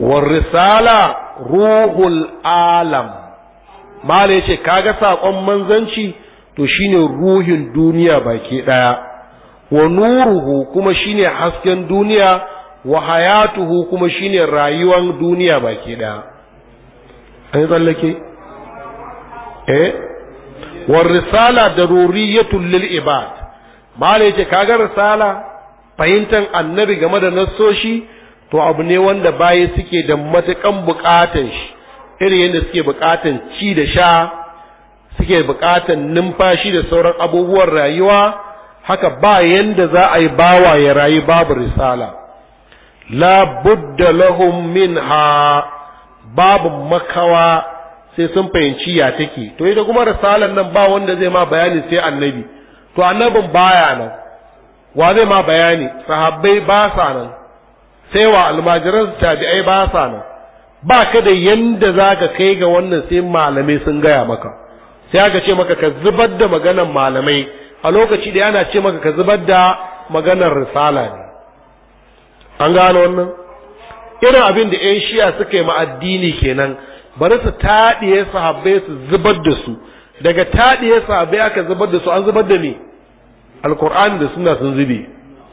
والرسالة روح العالم ما ليش كاغا ساقون manzanci to shine ruhin duniya baki daya wa nuruhu kuma shine hasken duniya wa hayatuhu kuma shine rayuwar duniya baki daya an tsallake eh wa risala daruriyatul lil ibad mala yake kaga risala fahimtar annabi game da nassoshi to abu ne wanda bayi suke da matakan bukatan shi irin yadda suke bukatan ci da sha suke bukatan numfashi da sauran abubuwan rayuwa haka ba yanda za a yi bawa ya rayu babu risala la budda lahum minha babu makawa sai sun fahimci ya take to ita kuma risalan nan ba wanda zai ma bayani sai annabi to annabin baya nan wa zai ma bayani sahabbai ba sa nan sai wa almajiran tabi'ai ba sa nan ba ka da yanda za ka kai ga wannan sai malamai sun gaya maka sai aka ce maka ka zubar da maganar malamai a lokaci da ana ce maka ka zubar da maganar risala ne an gano wannan irin abin da 'yan shiya suka yi ma addini kenan bari su taɗiye sahabbai su zubar da su daga taɗiye sahabbai aka zubar da su an zubar da me alkur'ani da suna sun zube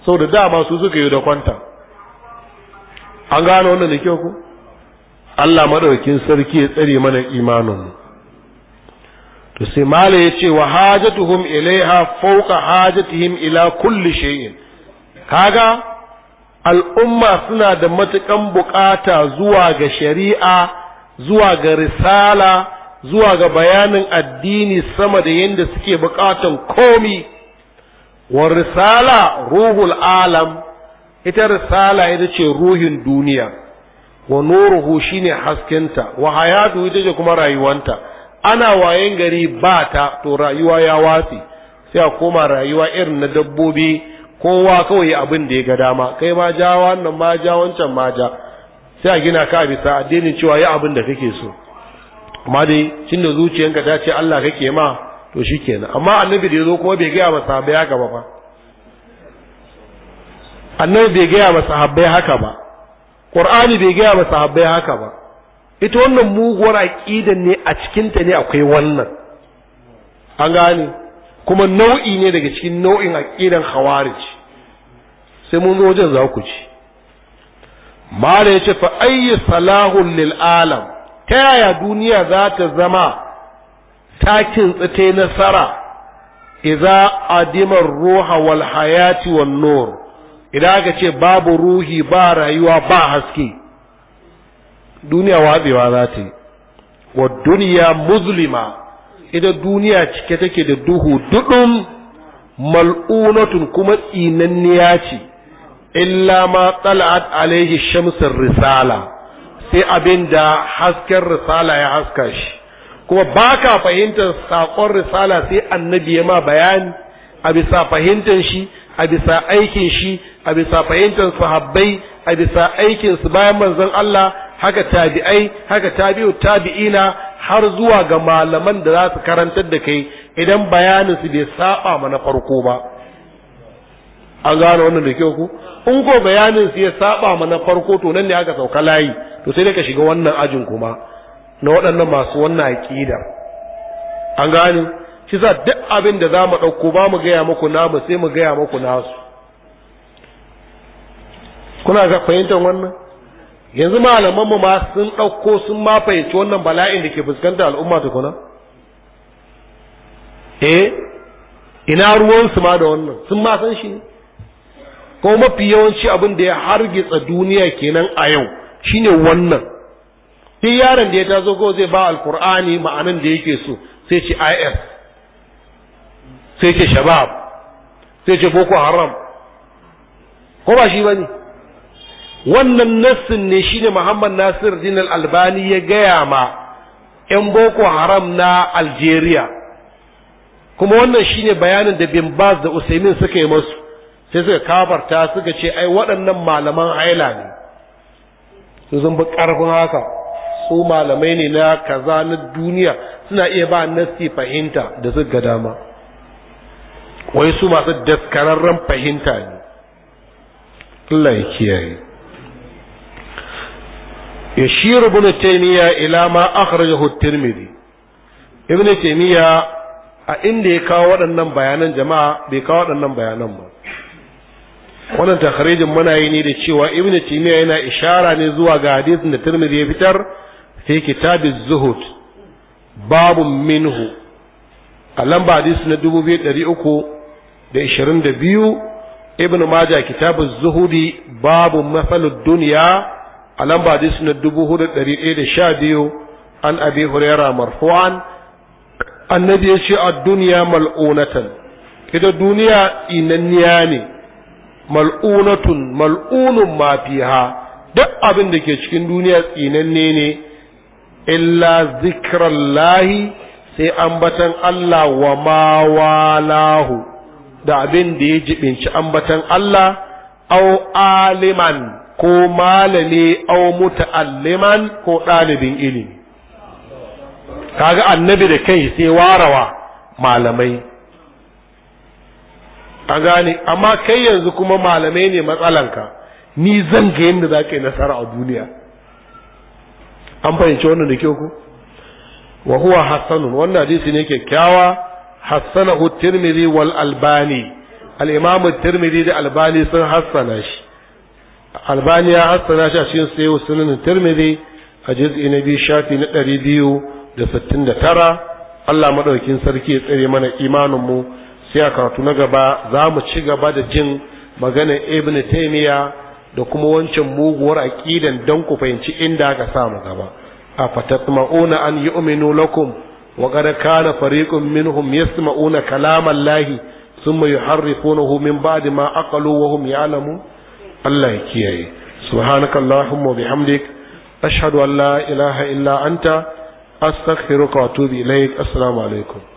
sau da dama su suka yi da kwanta an gano wannan da kyau ko Allah madaukakin sarki ya tsare mana imanin mu to sai mala ya ce wa hajatuhum ilaiha fawqa hajatihim ila kulli shay'in kaga al'umma suna da matukan bukata zuwa ga shari'a zuwa ga risala zuwa ga bayanin addini sama da yadda suke bukatan komi wa risala ruhul alam ita risala ita ce ruhin duniya wa nuruhu shine haskenta wa hayatu ita ce kuma rayuwanta ana wayen gari ba ta to rayuwa ya watsi sai a koma rayuwa irin na dabbobi kowa kawai abin da ya ga dama kai ma ja wannan ma ja wancan ma ja sai a gina ka bisa addinin cewa yi abin da kake so amma dai cin da zuciyanka ta ce Allah kake ma to shikenan amma annabi da yazo kuma bai gaya ba sabai haka ba annabi bai gaya masa sahabbai haka ba qur'ani bai gaya masa sahabbai haka ba ita wannan muguwar aqidan ne a cikin ta ne akwai wannan an gane kuma nau'i ne daga cikin nau'in aqidan khawarij sai mun zo wajen za ku ci mala ce fa ayyi salahun lil alam ta yaya duniya za ta zama takin tsite nasara idza adimar ruha wal hayati wan nur idan aka ce babu ruhi ba rayuwa ba haske duniya watsewa za ta yi wa duniya muzlima ita duniya cike take da duhu duɗin mal'unatun kuma tsinanniya ce illa ma tsala'at alaihi shamsar risala sai abin da hasken risala ya haska shi kuma ba ka fahimtar saƙon risala sai annabi ya ma bayani a bisa fahimtar shi a bisa aikin shi a bisa fahimtar sahabbai a bisa aikin su bayan manzon Allah haka tabi'ai haka tabi'u tabi'ina har zuwa ga malaman da za su karantar da kai idan bayanin su bai saba ma na farko ba an gano wannan da kyau ku in ko bayanin su ya saba ma na farko to nan ne aka sauka layi to sai ka shiga wannan ajin kuma na waɗannan masu wannan aqida an gane shi za duk abin da za mu ɗauko ba mu gaya muku namu sai mu gaya muku nasu kuna ga fahimtar wannan yanzu mu ma sun ɗauko sun ma fahimci wannan bala'in da ke fuskantar al'umma tukuna eh ina ruwansu ma da wannan sun ma san shi ne ko mafi yawanci abin da ya hargitsa duniya kenan a yau shine wannan duk yaron da ya tazo ko zai ba alkur'ani ma'anan da yake so sai ce is sai ce shabab sai ce boko haram ko ba shi bane wannan nassin ne shine Muhammad Nasir Din albani ya gaya ma ‘yan Boko Haram na Algeria, kuma wannan shine bayanin da bin Baz da Usaimin suka yi masu, sai suka kafarta suka ce, ai waɗannan malaman haila ne, su zan bi ƙarfin haka, su malamai ne na kaza na duniya suna iya ba nassi fahimta da suka dama. wai su masu daskararren fahimta ne Allah ya kiyaye ya shiru bune taimiyya ilama akhrajahu hutun mili ibn taimiyya a inda ya kawo waɗannan bayanan jama'a bai kawo waɗannan bayanan ba wannan takharijin muna yi ne da cewa ibn taimiyya yana ishara ne zuwa ga hadisin da tirmidhi ya fitar fi kitabi zuhud babu minhu a lamba hadisi na dubu uku da ishirin da biyu ibn maja kitabun zuhudi babu mafalin duniya a lamba hadisi na dubu hudu ɗari ɗaya da sha biyu an abi hurera marfu'an annabi ya ce a duniya mal'unatan ita duniya inanniya ne mal'unatun mal'unun ma fiha duk abin da ke cikin duniya tsinanne ne illa zikrallahi sai ambatan Allah wa ma walahu da abin da ya jibinci ambatan Allah au aliman ko malami au muta'alliman ko ɗalibin ilimi kaga annabi da kai sai warawa malamai A gane amma kai yanzu kuma malamai ne matsalanka ni zan ga yadda za yi nasara a duniya an fahimci wannan da kyau ku wa huwa hasanun wannan hadisi ne kyakkyawa hassanahu tirmidhi wal albani al-imam tirmidhi da albani sun hassana shi albani ya hassana shi a cikin sayo sunan tirmidhi a juz'i na biyu shafi na ɗari biyu da sittin da tara Allah maɗaukin sarki ya tsare mana imaninmu sai a karatu na gaba za mu ci gaba da jin maganar ibn taymiya da kuma wancan muguwar aƙidan dan ku fahimci inda aka mu gaba afatatma'una an yu'minu lakum wa qad kana fariqun minhum yasma'una kalama Allah thumma yuharrifunahu min ba'di ma aqalu wa hum ya'lamun Allah ya kiyaye subhanaka allahumma bihamdik ashhadu la ilaha illa anta astaghfiruka wa atubu ilaik assalamu alaikum